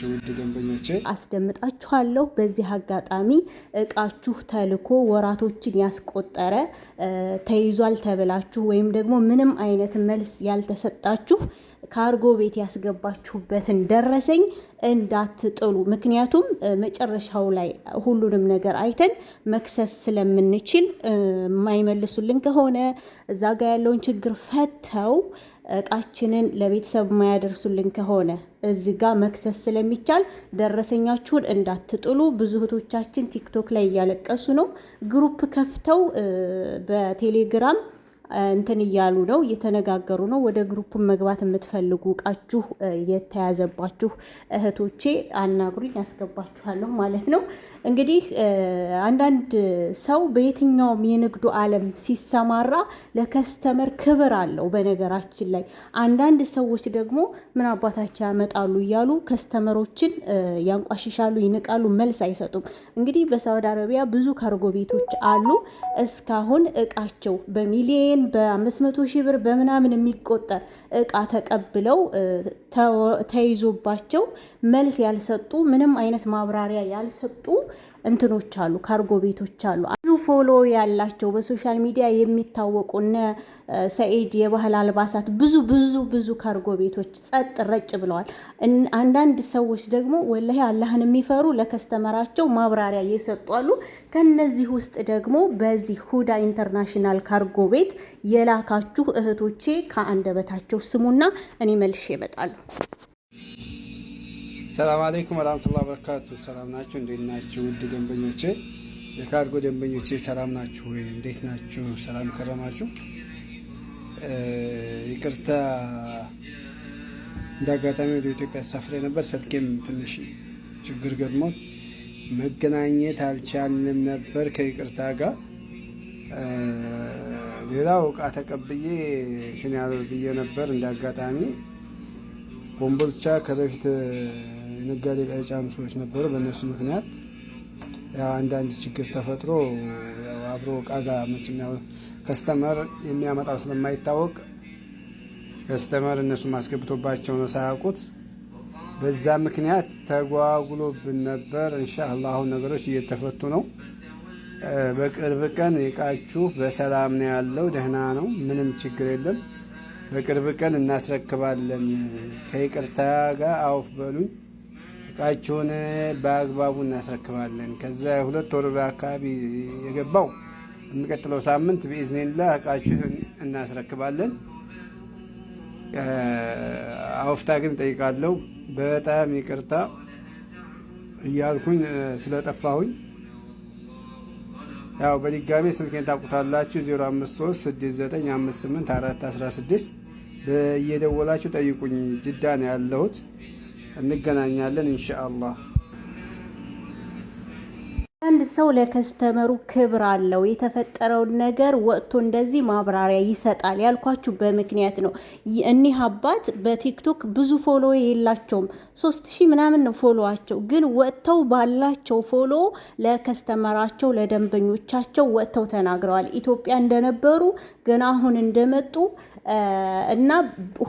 ናቸው። ውድ ደንበኞቼ አስደምጣችኋለሁ። በዚህ አጋጣሚ እቃችሁ ተልኮ ወራቶችን ያስቆጠረ ተይዟል ተብላችሁ ወይም ደግሞ ምንም አይነት መልስ ያልተሰጣችሁ ካርጎ ቤት ያስገባችሁበትን ደረሰኝ እንዳትጥሉ። ምክንያቱም መጨረሻው ላይ ሁሉንም ነገር አይተን መክሰስ ስለምንችል የማይመልሱልን ከሆነ እዛ ጋ ያለውን ችግር ፈተው እቃችንን ለቤተሰብ የማያደርሱልን ከሆነ እዚህ ጋር መክሰስ ስለሚቻል ደረሰኛችሁን እንዳትጥሉ። ብዙ እህቶቻችን ቲክቶክ ላይ እያለቀሱ ነው። ግሩፕ ከፍተው በቴሌግራም እንትን እያሉ ነው እየተነጋገሩ ነው። ወደ ግሩፕን መግባት የምትፈልጉ እቃችሁ የተያዘባችሁ እህቶቼ አናግሩኝ፣ ያስገባችኋለሁ ማለት ነው። እንግዲህ አንዳንድ ሰው በየትኛውም የንግዱ ዓለም ሲሰማራ ለከስተመር ክብር አለው። በነገራችን ላይ አንዳንድ ሰዎች ደግሞ ምን አባታቸው ያመጣሉ እያሉ ከስተመሮችን ያንቋሽሻሉ፣ ይንቃሉ፣ መልስ አይሰጡም። እንግዲህ በሳውዲ አረቢያ ብዙ ካርጎ ቤቶች አሉ። እስካሁን እቃቸው በሚሊየን ወይም በ500 ሺህ ብር በምናምን የሚቆጠር እቃ ተቀብለው ተይዞባቸው መልስ ያልሰጡ ምንም አይነት ማብራሪያ ያልሰጡ እንትኖች አሉ፣ ካርጎ ቤቶች አሉ። ብዙ ፎሎ ያላቸው በሶሻል ሚዲያ የሚታወቁ እነ ሰኢድ የባህል አልባሳት ብዙ ብዙ ብዙ ካርጎ ቤቶች ጸጥ ረጭ ብለዋል። አንዳንድ ሰዎች ደግሞ ወላሂ አላህን የሚፈሩ ለከስተመራቸው ማብራሪያ የሰጡ አሉ። ከነዚህ ውስጥ ደግሞ በዚህ ሁዳ ኢንተርናሽናል ካርጎ ቤት የላካችሁ እህቶቼ ከአንደበታቸው ስሙና እኔ መልሼ እመጣለሁ። ሰላም አለይኩም ወራህመቱላሂ ወበረካቱ። ሰላም ናችሁ? እንዴት ናችሁ? ውድ ደንበኞቼ፣ የካርጎ ደንበኞቼ ሰላም ናችሁ ወይ? እንዴት ናችሁ? ሰላም ከረማችሁ? ይቅርታ እንደ ወደ ኢትዮጵያ ተሳፍሬ ነበር። ስልኬም ትንሽ ችግር ገጥሞት መገናኘት አልቻልንም ነበር ከይቅርታ ጋር ሌላው እቃ ተቀብዬ ትንያዘ ብዬ ነበር። እንደ አጋጣሚ ኮምቦልቻ ከበፊት ነጋዴ ጋር የጫኑ ሰዎች ነበሩ። በእነሱ ምክንያት አንዳንድ ችግር ተፈጥሮ አብሮ እቃ ጋር መቼም ያው ከስተመር የሚያመጣው ስለማይታወቅ ከስተመር እነሱ ማስገብቶባቸው ነው ሳያውቁት። በዛ ምክንያት ተጓጉሎብን ነበር። እንሻላ አሁን ነገሮች እየተፈቱ ነው። በቅርብ ቀን እቃችሁ በሰላም ነው ያለው፣ ደህና ነው፣ ምንም ችግር የለም። በቅርብ ቀን እናስረክባለን። ከይቅርታ ጋር አውፍ በሉኝ፣ እቃችሁን በአግባቡ እናስረክባለን። ከዛ ሁለት ወር አካባቢ የገባው የሚቀጥለው ሳምንት በኢዝኒላ እቃችሁን እናስረክባለን። አውፍታ ግን ጠይቃለሁ፣ በጣም ይቅርታ እያልኩኝ ስለጠፋሁኝ ያው በድጋሚ ስልኬን ታውቁታላችሁ 0536958416 በየደወላችሁ ጠይቁኝ። ጅዳ ነው ያለሁት። እንገናኛለን ኢንሻአላህ። አንድ ሰው ለከስተመሩ ክብር አለው። የተፈጠረውን ነገር ወጥቶ እንደዚህ ማብራሪያ ይሰጣል ያልኳችሁ በምክንያት ነው። እኒህ አባት በቲክቶክ ብዙ ፎሎ የላቸውም፣ ሶስት ሺህ ምናምን ነው ፎሎዋቸው። ግን ወጥተው ባላቸው ፎሎ ለከስተመራቸው ለደንበኞቻቸው ወጥተው ተናግረዋል። ኢትዮጵያ እንደነበሩ ገና አሁን እንደመጡ እና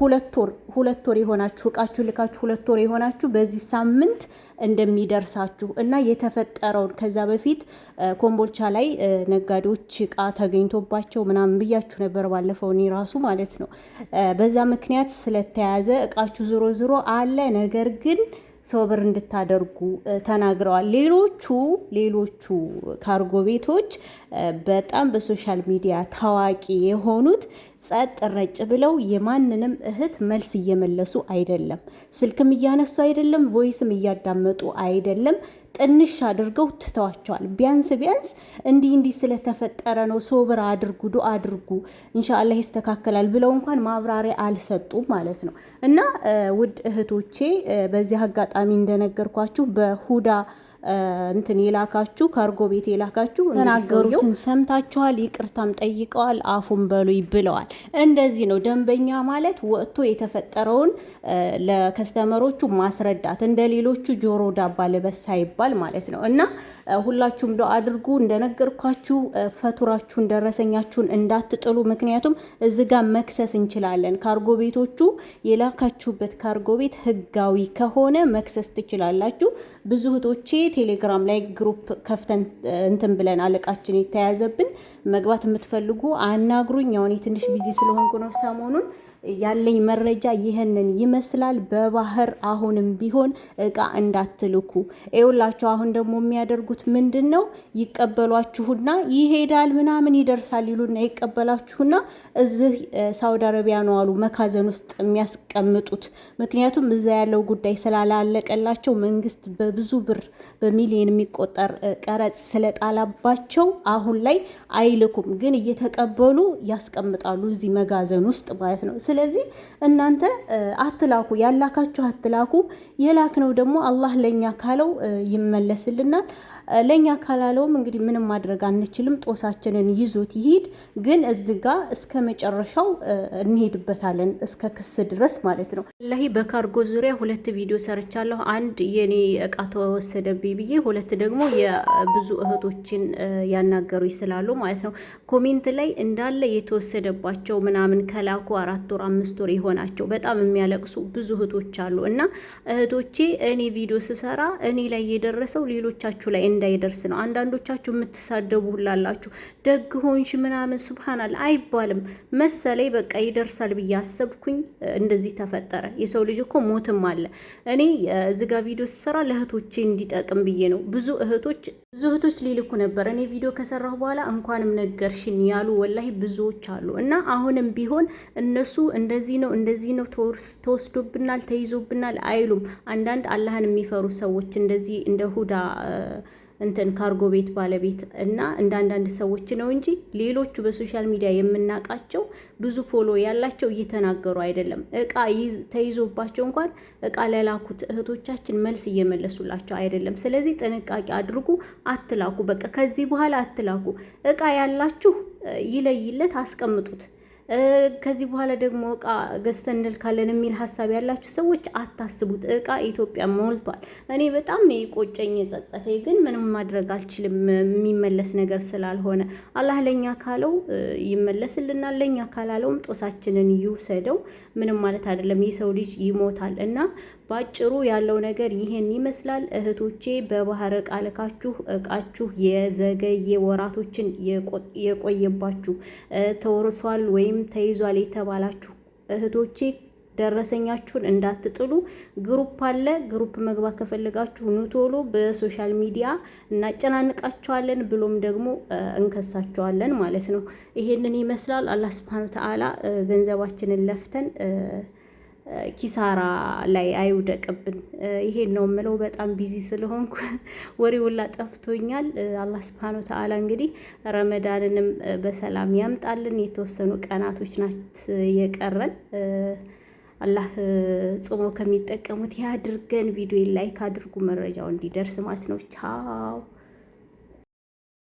ሁለት ወር ሁለት ወር የሆናችሁ እቃችሁ ልካችሁ ሁለት ወር የሆናችሁ በዚህ ሳምንት እንደሚደርሳችሁ እና የተፈጠረውን ከዛ በፊት ኮምቦልቻ ላይ ነጋዴዎች እቃ ተገኝቶባቸው ምናምን ብያችሁ ነበር፣ ባለፈው እኔ ራሱ ማለት ነው። በዛ ምክንያት ስለተያዘ እቃችሁ ዝሮ ዝሮ አለ ነገር ግን ሶብር እንድታደርጉ ተናግረዋል። ሌሎቹ ሌሎቹ ካርጎ ቤቶች በጣም በሶሻል ሚዲያ ታዋቂ የሆኑት ጸጥ ረጭ ብለው የማንንም እህት መልስ እየመለሱ አይደለም፣ ስልክም እያነሱ አይደለም፣ ቮይስም እያዳመጡ አይደለም። ጥንሽ አድርገው ትተዋቸዋል። ቢያንስ ቢያንስ እንዲህ እንዲህ ስለተፈጠረ ነው ሶብር አድርጉ፣ ዱ አድርጉ፣ እንሻላ ይስተካከላል ብለው እንኳን ማብራሪያ አልሰጡም ማለት ነው። እና ውድ እህቶቼ በዚህ አጋጣሚ እንደነገርኳችሁ በሁዳ እንትን የላካችሁ ካርጎ ቤት የላካችሁ ተናገሩትን ሰምታችኋል፣ ይቅርታም ጠይቀዋል፣ አፉን በሉይ ብለዋል። እንደዚህ ነው ደንበኛ ማለት ወጥቶ የተፈጠረውን ለከስተመሮቹ ማስረዳት እንደ ሌሎቹ ጆሮ ዳባ ልበስ ሳይባል ማለት ነው። እና ሁላችሁም ዶ አድርጉ እንደነገርኳችሁ ፈቱራችሁን ደረሰኛችሁን እንዳትጥሉ። ምክንያቱም እዚህ ጋር መክሰስ እንችላለን። ካርጎ ቤቶቹ የላካችሁበት ካርጎ ቤት ህጋዊ ከሆነ መክሰስ ትችላላችሁ። ብዙ እህቶቼ ቴሌግራም ላይ ግሩፕ ከፍተን እንትን ብለን አለቃችን የተያዘብን መግባት የምትፈልጉ አናግሩኝ። አሁን ትንሽ ቢዚ ስለሆንኩ ነው ሰሞኑን ያለኝ መረጃ ይህንን ይመስላል። በባህር አሁንም ቢሆን እቃ እንዳትልኩ። ይኸውላችሁ አሁን ደግሞ የሚያደርጉት ምንድን ነው? ይቀበሏችሁና ይሄዳል ምናምን ይደርሳል ይሉና ይቀበላችሁና እዚህ ሳውዲ አረቢያ ነው አሉ መካዘን ውስጥ የሚያስቀምጡት። ምክንያቱም እዛ ያለው ጉዳይ ስላላለቀላቸው መንግስት በብዙ ብር በሚሊዮን የሚቆጠር ቀረጽ ስለጣላባቸው አሁን ላይ አይልኩም፣ ግን እየተቀበሉ ያስቀምጣሉ እዚህ መጋዘን ውስጥ ማለት ነው። ስለዚህ እናንተ አትላኩ፣ ያላካችሁ አትላኩ። የላክነው ደግሞ አላህ ለእኛ ካለው ይመለስልናል። ለእኛ ካላለውም እንግዲህ ምንም ማድረግ አንችልም። ጦሳችንን ይዞት ይሄድ። ግን እዚህ ጋ እስከ መጨረሻው እንሄድበታለን፣ እስከ ክስ ድረስ ማለት ነው። ወላሂ በካርጎ ዙሪያ ሁለት ቪዲዮ ሰርቻለሁ። አንድ የኔ እቃ ተወሰደብኝ ብዬ፣ ሁለት ደግሞ የብዙ እህቶችን ያናገሩ ይስላሉ ማለት ነው። ኮሜንት ላይ እንዳለ የተወሰደባቸው ምናምን ከላኩ አራት ወር ወር አምስት ወር የሆናቸው በጣም የሚያለቅሱ ብዙ እህቶች አሉ። እና እህቶቼ እኔ ቪዲዮ ስሰራ እኔ ላይ የደረሰው ሌሎቻችሁ ላይ እንዳይደርስ ነው። አንዳንዶቻችሁ የምትሳደቡ ሁላላችሁ ደግ ሆንሽ ምናምን ሱብሃናል አይባልም መሰለኝ። በቃ ይደርሳል ብዬ አሰብኩኝ፣ እንደዚህ ተፈጠረ። የሰው ልጅ እኮ ሞትም አለ። እኔ ዝጋ ቪዲዮ ስሰራ ለእህቶቼ እንዲጠቅም ብዬ ነው። ብዙ እህቶች ብዙ እህቶች ሊልኩ ነበር እኔ ቪዲዮ ከሰራሁ በኋላ እንኳንም ነገርሽን ያሉ ወላሂ ብዙዎች አሉ እና አሁንም ቢሆን እነሱ እንደዚህ ነው እንደዚህ ነው ተወስዶብናል፣ ተይዞብናል አይሉም። አንዳንድ አላህን የሚፈሩ ሰዎች እንደዚህ እንደ ሁዳ እንትን ካርጎ ቤት ባለቤት እና እንደ አንዳንድ ሰዎች ነው እንጂ ሌሎቹ በሶሻል ሚዲያ የምናውቃቸው ብዙ ፎሎ ያላቸው እየተናገሩ አይደለም። እቃ ተይዞባቸው እንኳን እቃ ለላኩት እህቶቻችን መልስ እየመለሱላቸው አይደለም። ስለዚህ ጥንቃቄ አድርጉ፣ አትላኩ። በቃ ከዚህ በኋላ አትላኩ። እቃ ያላችሁ ይለይለት፣ አስቀምጡት። ከዚህ በኋላ ደግሞ እቃ ገዝተን እንልካለን የሚል ሀሳብ ያላችሁ ሰዎች አታስቡት። እቃ ኢትዮጵያ ሞልቷል። እኔ በጣም የቆጨኝ የጸጸተኝ፣ ግን ምንም ማድረግ አልችልም። የሚመለስ ነገር ስላልሆነ አላህ ለኛ ካለው ይመለስልናል፣ ለኛ ካላለውም ጦሳችንን ይውሰደው። ምንም ማለት አይደለም። የሰው ልጅ ይሞታል እና ባጭሩ ያለው ነገር ይህን ይመስላል። እህቶቼ በባህር ቃልካችሁ እቃችሁ የዘገየ ወራቶችን የቆየባችሁ ተወርሷል ወይም ተይዟል የተባላችሁ እህቶቼ ደረሰኛችሁን እንዳትጥሉ። ግሩፕ አለ። ግሩፕ መግባት ከፈለጋችሁ ኑ ቶሎ። በሶሻል ሚዲያ እናጨናንቃቸዋለን ብሎም ደግሞ እንከሳቸዋለን ማለት ነው። ይሄንን ይመስላል። አላህ ስብሐነ ተዓላ ገንዘባችንን ለፍተን ኪሳራ ላይ አይውደቅብን። ይሄን ነው የምለው። በጣም ቢዚ ስለሆንኩ ወሬ ውላ ጠፍቶኛል። አላህ ስብሐነ ወተዓላ እንግዲህ ረመዳንንም በሰላም ያምጣልን። የተወሰኑ ቀናቶች ናት የቀረን። አላህ ጽሞ ከሚጠቀሙት ያድርገን። ቪዲዮ ላይክ አድርጉ፣ መረጃው እንዲደርስ ማለት ነው። ቻው